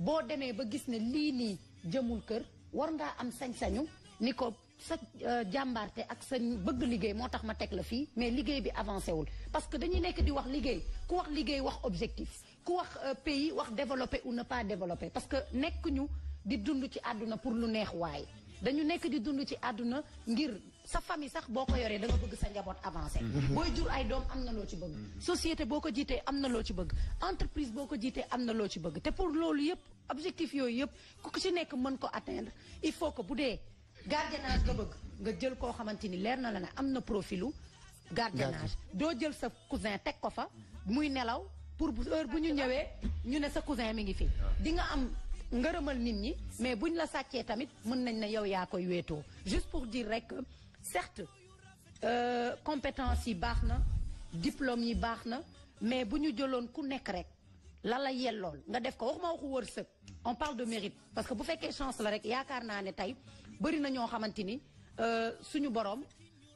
boo demee ba gis ne lii nii jëmul kër war ngaa am sañ-sañu ni ko sa euh, jàmbaarte ak sa bëgg liggéey moo tax ma teg la fii mais liggéey bi avancé wul parce que dañuy nekk di wax liggéey ku wax liggéey wax objectif ku wax euh, pays wax développer ou ne pas développer parce que nekk ñu di dund ci àdduna pour lu neex waaye dañu nekk di dund ci àdduna ngir sa famille sax boo ko yoree da bëgg sa njaboot avancé mhm. booy jur ay doom am na loo ci bëgg mhm. société boo ko jiitee am na loo ci bëgg entreprise boo ko jiitee am na loo ci bëgg te pour loolu yëpp objectif yooyu yëpp ku ci nekk mën ko atteindre il faut que bu dee gardiennage nga bëgg nga jël koo xamante ni leer na la ne am na profilu gardiennage doo jël sa cousin teg ko fa muy nelaw pour heure bu ñu ñëwee ñu ne sa cousin mi ngi fi ah. di nga am ngërëmal nit ñi mais buñ la sàccee tamit mën nañ ne yow yaa koy wéetoo juste pour dire rek certes euh, compétence yi baax na diplôme yi baax na mais bu ñu jëloon ku nekk rek la la yellool nga def ko waxuma waxu wërsëg on parle de mérite parce que bu fekkee chance la rek yaakaar naa ne tey bëri na ñoo xamante ni euh, suñu borom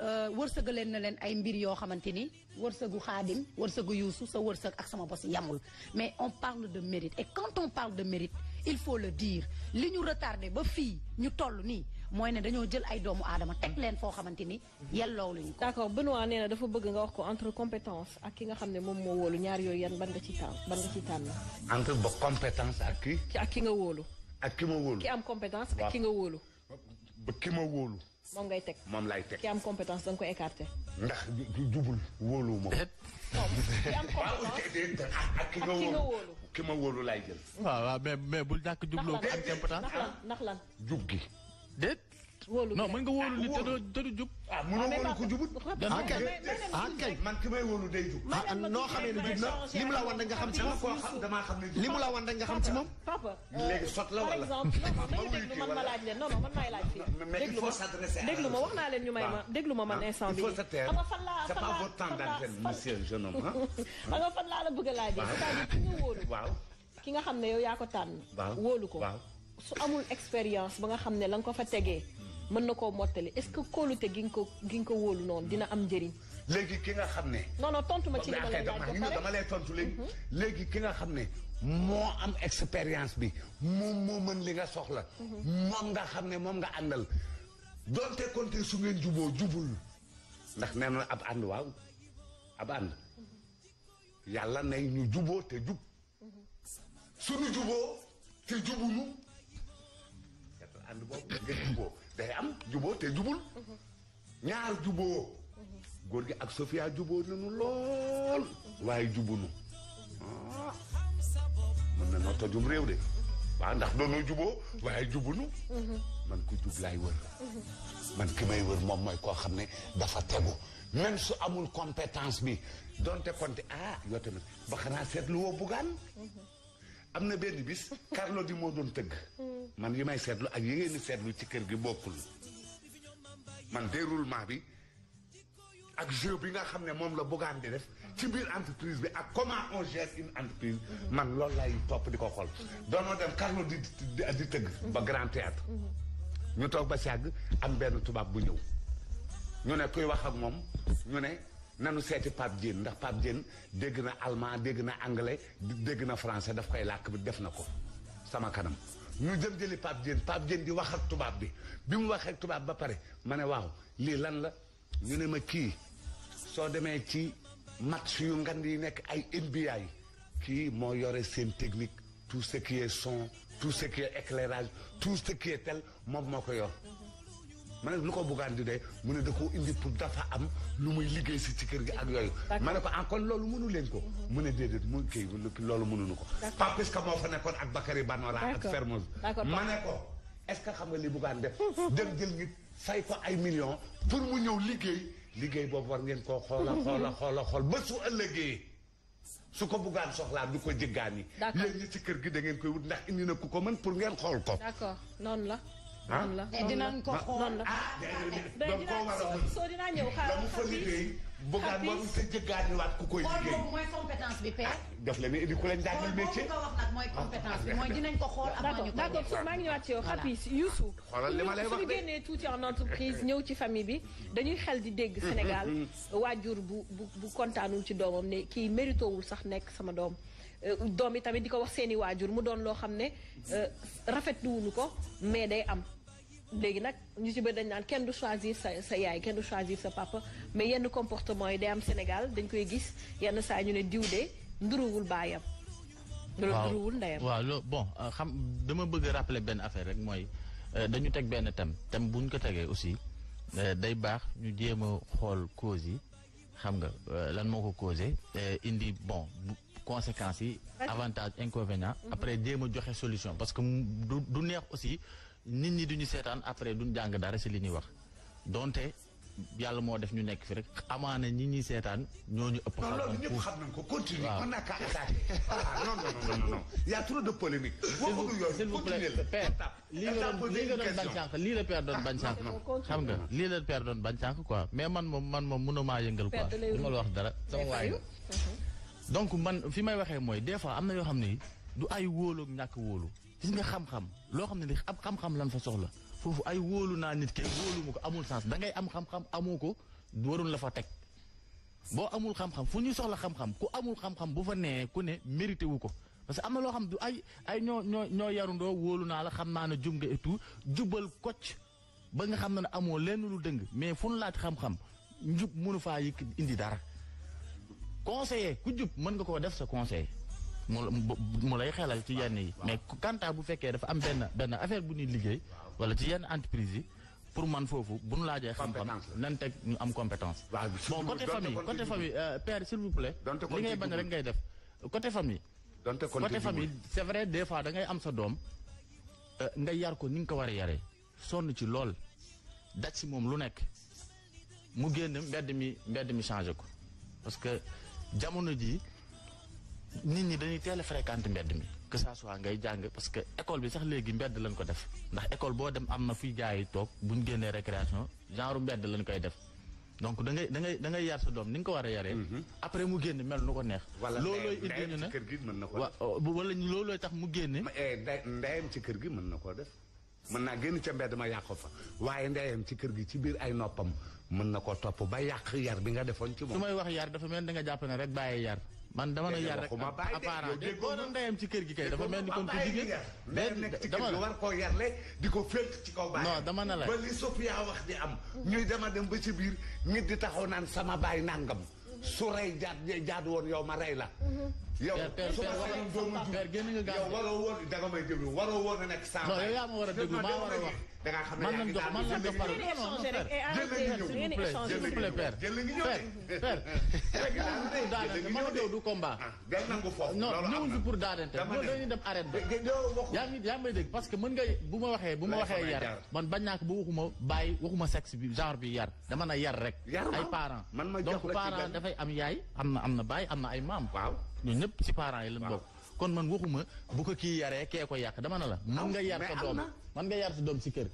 euh, leen na leen ay mbir yoo xamante ni wërsëgu xaadim wërsëgu yuusu sa wërsëg ak sama bos yamul mais on parle de mérite et quand on parle de mérite il faut le dire li ñu retardé ba fii ñu toll nii mooy ne dañoo jël ay doomu aadama teg leen foo xamante ni yelloo luñu ko. d' accord Benoît nee dafa bëgg nga wax ko entre compétence ak ki nga xam ne moom moo wóolu ñaar yooyu yan ban nga ci tànn ban nga ci tànn. entre ba compétence ak ki. ak ki nga wóolu. ak ma wóolu. ki am compétence ak ki nga wóolu. ba ki ma wóolu. moom ngay teg moom lay teg. ki am compétence da nga ko écarté. ndax jubul wóolu ma ko. Eh? ki am ak ki nga wóolu ki ma wóolu lay jël. waaw waaw bul ñàkk jubloo ak am compétence. ndax lan ndax lan gi. déet. wóolu non mën nga wóolu nit doo te du jub. ah mënoo ah, wóolu ku jubut. ah kay ah kay man ki may wóolu day jub. ah noo xamee ne jub na li la wan da nga xam ci moom. koo xam damaa xam ne jub li da nga xam ci moom. papa léegi la wala. par exemple non non ma laaj leen non non man maay laaj déglu ma déglu ma wax naa leen ñu may ma déglu ma man instant ah, bii. il faut se taire ah, c'est pas votre temps d'antenne monsieur jeune la bëgg a laajee. ki nga xam ne yow yaa ko tànn. waaw ko. waaw su amul expérience ba nga xam ne la nga ko fa tegee mën na koo mottali est-ce que kóolute gi nga ko gi nga ko wóolu noonu dina am njariñ léegi ki nga xam ne. non tontu ma ci li ma dama lay tontu léegi. Mhm. léegi ki nga xam ne moo am expérience bi moom moo mën li nga soxla. Mhm. moom nga xam ne moom nga àndal. doonte konte su ngeen juboo jubul ndax nee na ab ànd waaw ab ànd mhm. yàlla nay ñu juboo te jub. suñu juboo te jubunu. ànd boobu nga juboo day am juboo te jubul ñaar jubo góor gi ak Sofia jubo nañu lool waaye jubunu ah. mën na noo tojum réew de waaw ndax doonu juboo waaye jubunu man ku jub laay wër man ki may wër moom mooy koo xam ne dafa tegu même amul compétence bi donte konte ah yoo tamit ba xanaa seetlu woo bugaan am na benn bis Carlou D moo doon tëgg man yi may seetlu ak yi ngeen seetlu ci kër gi bokkul man déroulement bi ak jeu bi nga xam ne moom la bëggaan di def ci biir entreprise bi ak comment on gère une entreprise man loolu lay topp di ko xool doonoo dem Carlou D di tëgg ba Grand Théâtre ñu toog ba si yàgg am benn tubaab bu ñëw ñu ne kuy wax ak moom ñu ne nanu seeti Pape Dieng ndax Pape Dieng dégg na allemand dégg na anglais dégg na français daf koy làkk bi def na ko sama kanam ñu jël jëli Pape Dieng Pape Dieng di wax ak tubaab bi bi mu waxee tubaab ba pare ma ne waaw lii lan la ñu ne ma kii soo demee ci match yu ngand yi nekk ay NBA kii moo yore seen technique tout ce son tout ce qui est éclairage tout ce tel moom moo ko yor ma ne lu ko buggaan di dee mu ne da koo indi pour dafa am lu muy liggéey si ci kër gi ak yooyu ma ne ko ah kon loolu mënu leen ko mhm. mu ne déedéet mu kii loolu mënuñu ko papis ka moo fa nekkoon ak Bakary Banora ak Fermoz ma ne ko est-ce que xam nga li buggaan def dem jël nit fay ko ay million pour mu ñëw liggéey liggéey boobu war ngeen koo xoola xoola xoola xool ba su ëllëgee su ko buggaan soxlaa du ko jëggaan yi yéen ñi ci kër gi dangeen koy wut ndax indi na ku ko mën pour ngeen xool ko d'accord noonu la ah la dinañ ko xool ah donc koo war a soo dinaa ñëw xaar la mu fa liggéey bëggaan ba sa jëggaani ku koy liggéey bi père daf la ku leen jàngal métier nga wax mooy compétence bi ko xool ak ñu ko d'accord ci yow xapis Youssou xoolal li wax suñu génnee tuuti en entreprise ñëw ci famille bi dañuy xel di dégg Sénégal waajur bu bu bu kontaanul ci doomam ne kii méritowul sax nekk sama doom doom yi tamit di ko wax seeni waajur mu doon loo xam ne rafetluwuñu ko mais day am léegi nag ñu ci ba dañ naan kenn du choisir sa sa yaay kenn du choisir sa papa mais yenn comportement yi day am Sénégal dañ koy gis yenn saa ñu ne diw de nduruwul baayam. waaw nduruwul ndeyam. waaw loo bon euh, xam dama bëgg a benn affaire rek mooy euh, dañu teg benn thème thème buñ ko tegee aussi euh, day baax ñu jéem a xool causes yi xam nga lan moo ko causé indi bon conséquences yi. avantage inconvénient mhm. après jéem a joxe solution parce que du neex aussi. nit ñi duñu seetaan après duñ jàng dara si li ñuy wax donte yàlla moo def ñu nekk fi rek amaana ñi ñuy seetaan ñooñu ëpp. xam na ñëpp xam ko continue mën naa de polémique. boo bëgg la lii nga doon lii nga doon bañ sànq lii la père doon bañ sànq. xam nga lii la père doon bañ sànq mais man moom man moom maa yëngal quoi. du ma la wax dara sama donc man fi may waxee mooy des fois am na yoo xam ni du ay wóolu ñàkk wóolu. gis nga xam-xam loo xam ne ni ab xam-xam lan fa soxla foofu ay wóolu naa nit ki wóolu ma ko amul sens dangay am xam-xam amoo ko warul la fa teg boo amul xam-xam fu ñuy soxla xam-xam ku amul xam-xam bu fa nee ku ne mérité wu ko parce que am na loo xam du ay ay ñoo ñoo yarundoo woolu naa la xam naa ne jum nga et tout jubal kocc ba nga xam ne amoo lenn lu dëng mais fu nu laaj xam-xam njub mënu faa yëkk indi dara conseiller ku jub mën nga koo def sa conseil mu mu lay xelal ci yenn yi mais kanta bu fekkee dafa am benn benn affaire bu ñuy liggéey wala ci yenn entreprise yi pour man foofu bu ñu laajee xam-xam nan ñu am compétence bon côté famille côté famille euh, père s'il vous plaît li ngay bañ rek ngay def côté famille côté famille c'est vrai des fois da am sa doom euh, nga yar ko ni nga ko war a yaree sonn ci lool daj si moom lu nekk mu génn mbedd mi mbedd mi changé ko parce que jamono ji nit ñi dañuy teel a mbedd mi que ça ngay jàng parce que école bi sax léegi mbedd lañ ko def ndax école boo dem am na fuy jaay toog bu buñ génnee récréation genre mbedd lañ koy def donc dangay ngay da ngay da ngay yar sa doom ni nga ko war a yare mhm. après mu génn mel nu ko neex. loolooy indi ñu ne kër gi mën na ko def. Oh, wala loolooy tax mu génne. Eh, ndeyam ci kër gi mën na koo def. mën naa génn ca mbedd ma yàqu fa waaye ndeyam ci kër gi ci biir ay noppam mën na koo topp ba yàq yar bi nga defoon ci moom. su wax yar dafa mel da nga jàpp ne rek bàyyi yar man dama la yar rek apparent de boo doon ndeyam ci kër gi kay dafa mel ni kon ko jigéen benn nekk gi war koo yarle di ko fékk ci kaw baay non dama na la ba li Sophia wax di am ñuy dama dem ba ci biir nit di taxaw naan sama baay nangam su rey jaad jaad woon yow ma rey la yow su ma sañoon doomu jur yow waroo woon danga may déglu a nekk saa yow yaa ma war a déglu maa war a da ngaa xam ne yaa ngi daal man lañ jox man lañ jox par s'il vous plaît père du combat. Ah, non ñëwuñ fi pour daanante loolu parce que mën nga bu ma waxee bu ma waxee yar man bañ naa ko ba waxuma bàyyi waxuma sexe genre bi yar dama na yar rek ay parents donc parents dafay am yaay am na am na baay am na ay maam ñun ñëpp ci parent yi lañ bokk kon man waxuma bu ko kii yaree kee ko yàq dama na la mën nga yar sa doom mën nga yar sa doom si kër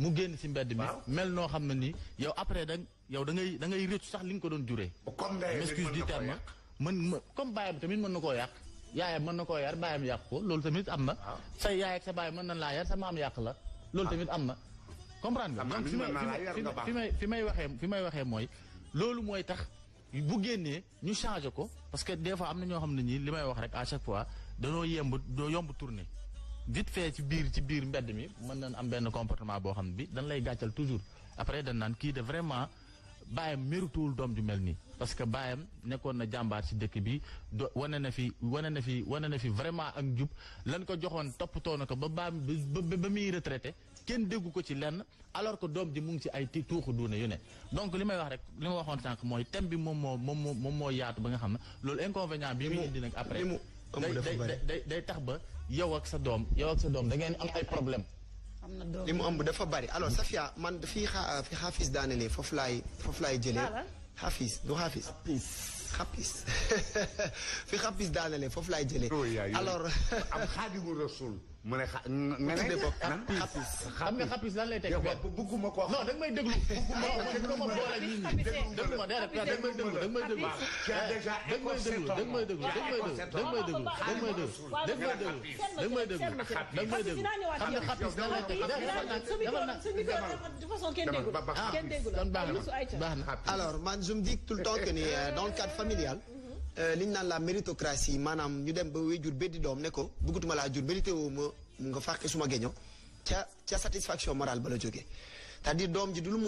mu génn si mbedd mi mel noo xam ne nii yow après da yow da ngay da ngay réccu sax li nga ko doon juree m'excuse du terme mën comme baayam tamit mën na koo yàq yaayam mën na koo yar baayam yàq ko loolu tamit am na sa yaay sa baay mën na laa yar sa maam yàq la loolu ah. tamit am na comprendre nga fi may fi may waxee fi may waxee mooy loolu mooy tax bu génnee ñu changé ko parce que des fois am na ñoo xam ne ñii li may wax rek à chaque fois danoo yemb doo yomb tourner vite fee ci biir ci biir mbedd mi mën nañ am benn comportement boo xam ne bi dana lay gàccal toujours après dañ naan kii de vraiment baayam mérituwul doom ju mel nii. parce que baayam nekkoon na jàmbaar ci dëkk bi do wane na fi wane na fi wane na fi vraiment ak njub lan ko joxoon toppatoo na ko ba baam ba ba muy retraité. kenn déggu ko ci lenn alors que doom ji mu ngi ci ay ti tuuxu duune yu ne donc li may wax rek li ma waxoon sànq mooy thème bi moom moo moom moo moom moo yaatu ba nga xam ne loolu inconvénient bi muy indi nag après day day day tax ba yow ak sa doom yow ak sa doom da ngeen am ay problème am na doom li mu ëmb dafa bari alors Safia man fii xa fi xaafis daanelee foofu laay foofu laay jëlee xaafis du xaafis xaafis fi xaafis daanelee foofu laay jëlee alors am xaadimu rasul mu ne xa nga ne xam nga xapis lan lay teg bëgguma ko non da nga may déglu bëgguma ma boole nit ñi déglu ma déedéet da nga may déglu da nga may déglu da nga may déglu da nga may déglu da nga may déglu da nga may déglu da nga may déglu da nga may déglu xam nga xapis lan lay teg dafa nag dafa nag alors man je me dis tout le temps que ni euh, dans le cadre familial Euh, li ñu naan la méritocratie maanaam ñu dem ba wéyjur beddi doom ne ko bëggatuma laa jur mérité woo ma nga fàqi suma géño ca ca satisfaction morale ba la jógee cest doom ji du lu